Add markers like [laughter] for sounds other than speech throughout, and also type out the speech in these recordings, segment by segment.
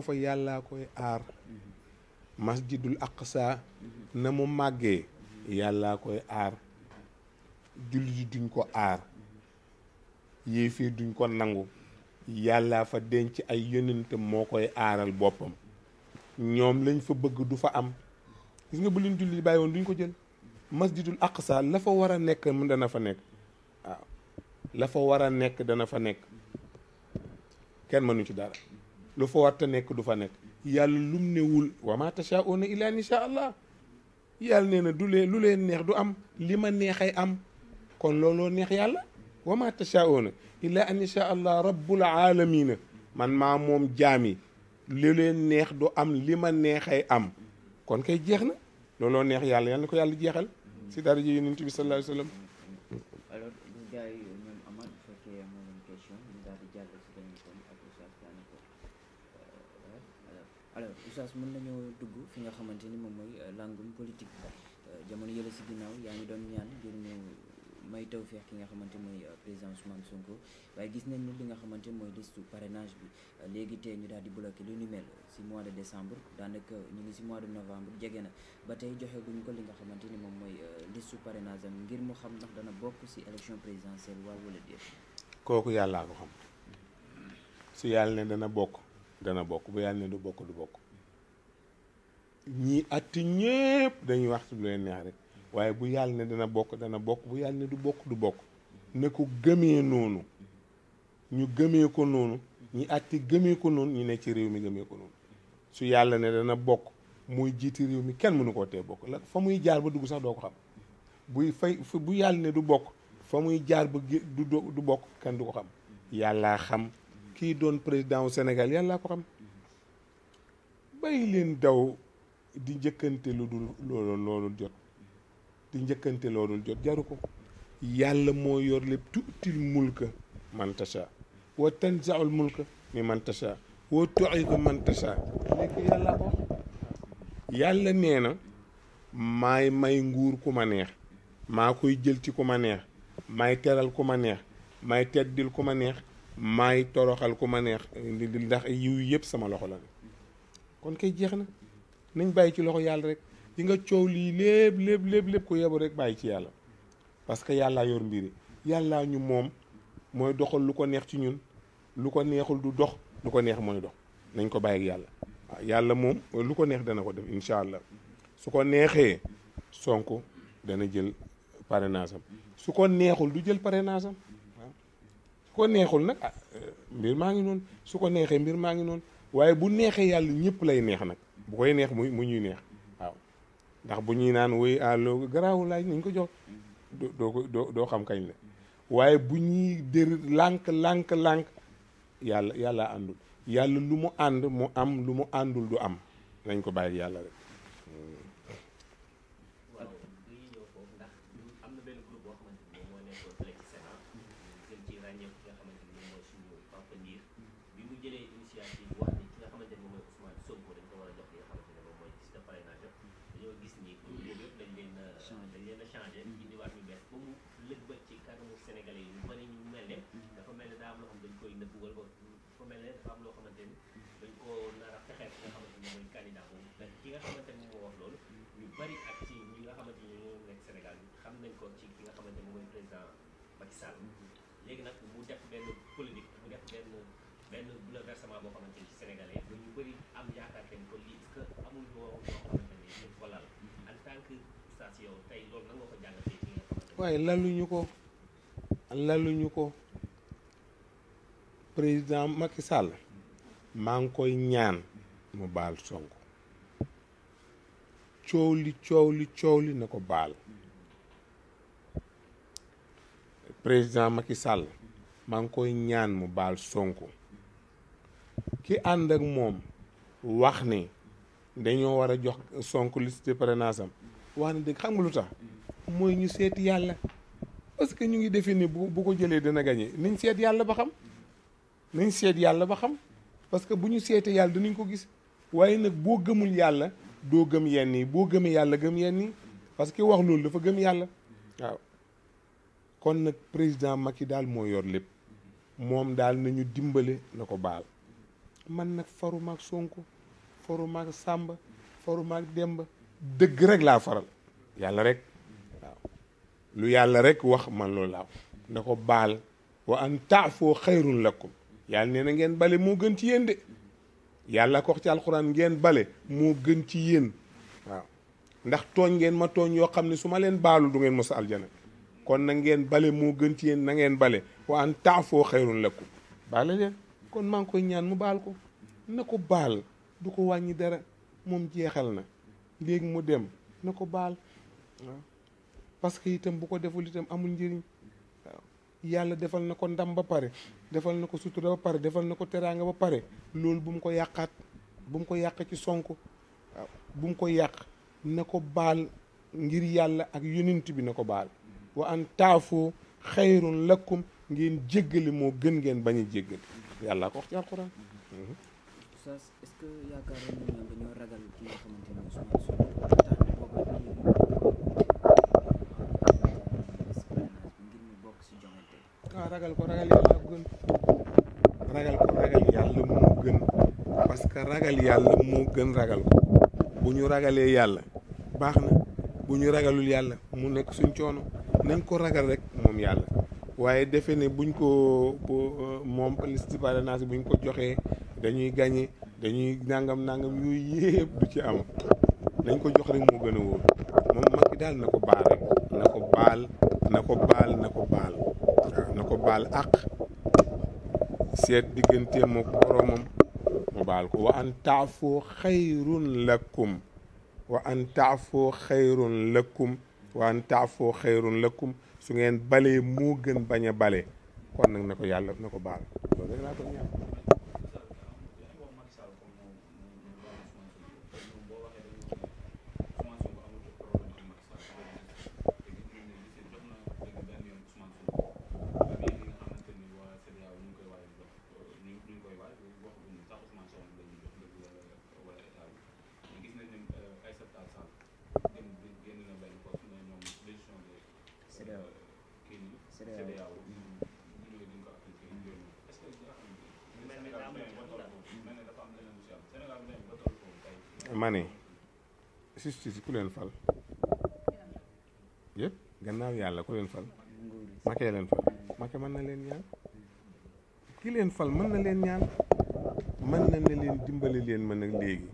foofa yàllaa koy aar mm-hmm. masjidul aqsa mm-hmm. na mu màggee mm-hmm. yàllaa koy aar jullit duñ ko aar yéefee duñ ko nangu yàllaa fa denc ay yonent moo koy aaral boppam ñoom lañ fa bëgg du fa am gis nga bu leen jullit yi bàyyi woon duñ ko jël masjidul aqsa la fa war a nekk dana fa nekk waaw la fa war a nekk dana fa nekk kenn mënu ci dara lu fa war nekk du fa nekk yàlla lum newul wa ma tashaa'uuna illaa an allah yàlla nee na du leen lu leen neex du am li ma neexay am kon looloo neex yàlla wa ma tashaa'uuna illaa an yashaa allah rabbul aalamiina man maa moom jaami lu leen neex du am li ma neexay am kon kay jeex na looloo neex yàlla yàlla na ko yàlla jeexal si daraja yonent bi sallallahu alayhi wa sallam alors Oustaz mën nañoo dugg fi nga xamante ni moom mooy euh, langum politique euh, jamono yële si ginnaaw yaa ngi doon ñaan ngir ñu may taw feex ki nga xamante mooy euh, président Ousmane Sonko waaye gis nañ ni li nga xamante mooy listu parrainage bi léegi tey ñu daal di bloqué lu ni mel si mois de décembre daanaka ñu ngi si mois de novembre jege na ba tey joxe guñ ko li nga xamante ni moom mooy listu parrainage am ngir mu xam ndax dana bokk si élection présidentielle waaw wala déet. kooku yàllaa ko xam su yàlla ne dana bokk. dana bokk bu yàlla ne du bokk du bokk ñii atti ñépp dañuy wax ci waaye bu yàlla ne dana bokk dana bokk bu yàlla du bokk du bokk ne ko gëmee noonu ñu gëmee ko noonu ñi atti gëmee ko noonu ñu ne ci réew mi gëmee ko noonu su yàlla ne dana bokk muy jiiti réew mi kenn mënu ko tee bokk la fa muy jaar ba dugg sax doo ko xam buy fay bu yàlla ne du bokk fa muy jaar ba du du bokk kenn du ko xam yàllaa xam kii doon président wu Sénégal yàlla ko xam bàyyi leen daw di njëkkante lu dul loolu loolu jot di njëkkante loolu jot jaru ko yàlla moo yor lépp tuutil mulka man tasha wa tanzaul mulka mi man tasha wa tu'izu man tasha nekk yàlla ko yàlla nee na maay may nguur ku ma neex maa koy jël ci ku ma neex maay teral ku ma neex maay teddil ku ma neex maay toroxal ku ma neex ndax yiw yëpp sama loxo la ne kon kay jeex na nañ bàyyi ci loxo yàlla rek yi nga coow lii lépp lépp lépp lépp ku yebu rek bàyyi ci yàlla parce que yàllaa yor mbiri yàlla ñu moom mooy doxal lu ko neex ci ñun lu ko neexul du dox lu ko neex mooy dox nañ ko bàyyi yàlla waaw ah, yàlla moom lu ko neex dana ko def incha allah su ko neexee Sonko dana jël parrainage am su ko neexul du jël parrainage am ko neexul nag ah mbir maa ngi noonu su ko neexee mbir maa ngi noonu waaye bu neexee yàlla ñëpp lay neex nag bu koy neex muy mu ñuy neex waaw ndax bu ñuy naan woy àllo garaawu laaj nañ ko jox doo ko doo doo xam kañ la waaye bu ñuy dër lànk lànk lànk yàlla yàlla àndul yàlla lu mu ànd mu am lu mu àndul du am nañ ko bàyyi yàlla rek a liir bi mu jëlee initiative wax ni ki nga xamante ni moom mooy Ousmane Sonko dañ ko war a jox li nga xamante ni boobu yëpp dañ leen dañ a changé mm-hmm. indiwaat ñu bees ba mu lëg ba ci kanamu sénégalais yi ñu mel ne mm-hmm. dafa mel ne daa am ko dafa mel mm-hmm. ko a fexee ki nga xamante ni mooy candidat boobu ki nga xamante ni moo wax loolu ñu bari ak ci nga xamante ni ñoo nekk xam nañ ko ci ki nga xamante ni mooy président Macky combat boo ñu ko waaye laluñu ko laluñu ko président Macky Sall maa ngi koy ñaan mu baal Sonko coow li coow li coow li na ko baal président makisal Sall maa ngi koy ñaan mu baal Sonko ki ànd ak moom wax ni dañoo war a jox sonk listé parrainage am wax ni dëgg xam nga lu tax mooy ñu seeti yàlla parce que ñu ngi défini bu bu ko jëlee dana gagné niñ seet yàlla ba xam nañ seet yàlla ba xam parce que bu ñu seetee yàlla dinañ ko gis waaye nag boo gëmul yàlla doo gëm yenn boo gëmee yàlla gëm yenn yi parce que wax loolu dafa gëm yàlla waaw kon nag président yi daal moo yor lépp moom daal nañu dimbale na ko baal man nag faru mag Sonko faru mag Samba faru maag Demba dëgg rek laa faral yàlla rek waaw lu yàlla rekk wax man loolu laa na ko baal wa an taafoo xayrun lakum yàlla nee ngeen bale moo gën ci yéen de yàlla ko wax ci alxuraan ngeen bale moo gën ci yéen waaw ndax tooñ ngeen ma tooñ yoo xam ne su ma leen baalu du ngeen mos a aljana kon na ngeen bale moo gën ci yéen nangeen ngeen bale wa an taafoo xayrun lakum baale leen kon maa ngi koy ñaan mu baal ko na ko baal du ko wàññi dara moom jeexal na léegi mu dem ne ko baal waaw parce que itam bu ko deful itam amul njëriñ yàlla defal na ko ndam ba pare defal na ko sutura ba pare defal na ko teraanga ba pare loolu bu mu ko yàqaat bu mu ko yàq ci sonk waaw bu mu ko yàq na ko baal ngir yàlla ak yonent bi na ko baal wa an taafoo xayrun lakum ngeen jéggale moo gën ngeen bañ a jéggale yàlla ko mhm. wax ci ah, ragal ko ragal yàlla moo gën parce que ragal yàlla moo gën ragal ko bu ñu ragalee yàlla baax na bu ñu ragalul yàlla mu nekk suñ coono nañ ko ragal rek moom yàlla. waaye defe ne buñ ko euh, moom liste parrainage buñ ko joxee dañuy gagné dañuy nangam nangam yooyu yëpp du ci am nañ ko jox rek moo gën a wóor moom Macky daal na ko baal rek na ko baal na ko baal na ko ko baal àq seet diggante moo ko boromam baal ko wa an taafoo xayrun lakum wa an taafoo xayrun lakum wa su ngeen balee moo gën bañ a bale kon nag na ko yàlla na ko baal loolu rek ko ñaan mane ma ne ku leen fal yëpp gannaaw yàlla ku leen fal makee leen fal make mën na leen ñaan ki leen fal mën na leen ñaan mën na ne leen dimbali leen mën nag léegi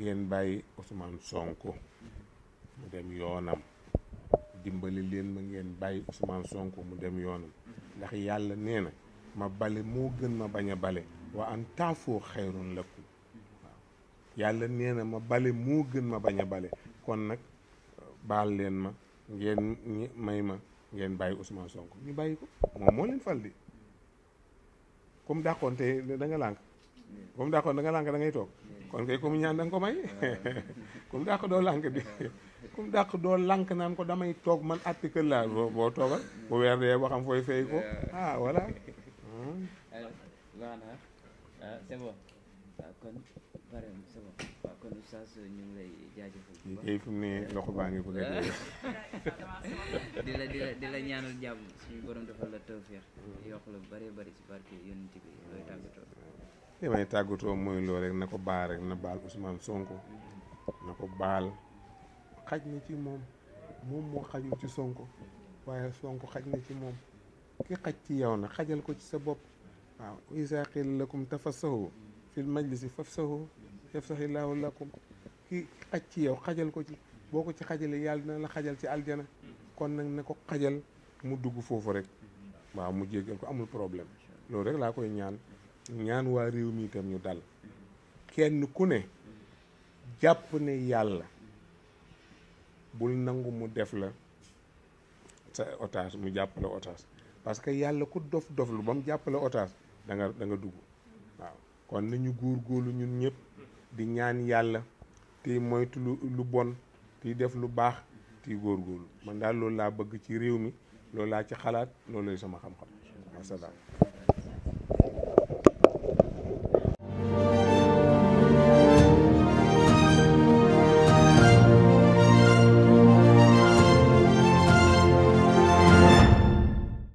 ngeen bàyyi Ousmane Sonko mu dem yoonam dimbali leen ma ngeen bàyyi Ousmane sonk mu dem yoonam ndax yàlla nee na ma bale moo gën ma bañ a bale wa an taafoo xayrun lakum waaw yàlla nee na ma bale moo gën ma baña bale kon nag baal leen ma ngeen may ma ngeen bàyyi Ousmane Sonko ñu bàyyi ko moom moo leen fal di comme dàqoon te da nga lànk comme dàqoon da lànk da ngay toog kon kay comme ñaan da ko may [laughs] comme dàq doo lànk di ku dàq doo lànk naan ko damay toog man article laa boo toogal bu weer dee ba xam fooy fay ko ah voilà ah, ah, kon pare c'est ah, ñu ngi lay jaajëfal bu loxo baa ngi ko def [laughs] di la di la di la ñaanal jàmm suñu borom defal la tawfeex yokk la bari bari ci barke yonent bi looy tàggatoo mooy lool rek na ko baal rek na baal Ousmane Sonko na ko baal xaj na ci moom moom moo xajul ci Sonko waaye Sonko xaj na ci moom ki xaj ci yow na xajal ko ci sa bopp waaw isa qila lakum tafassahu fil majlisi fa yafsahillahu lakum ki xaj ci yow xajal ko ci boo ko ci xajalee yàlla dina la xajal ci aljana kon nag ne ko xajal mu dugg foofu rek waaw mu jéggal ko amul problème loolu rek laa koy ñaan ñaan waa réew mi itam ñu dal kenn ku ne jàpp ne yàlla bul nangu mu def la sa otage mu jàppale otage parce que yàlla ku dof dof lu ba mu jàppale otage danga nga dugg waaw kon nañu góor góorlu ñun ñëpp di ñaan yàlla tey moytu lu bon tey def lu baax tey góor góorlu man daal loolu laa bëgg ci réew mi loolu laa ci xalaat loolu lay sama xam-xam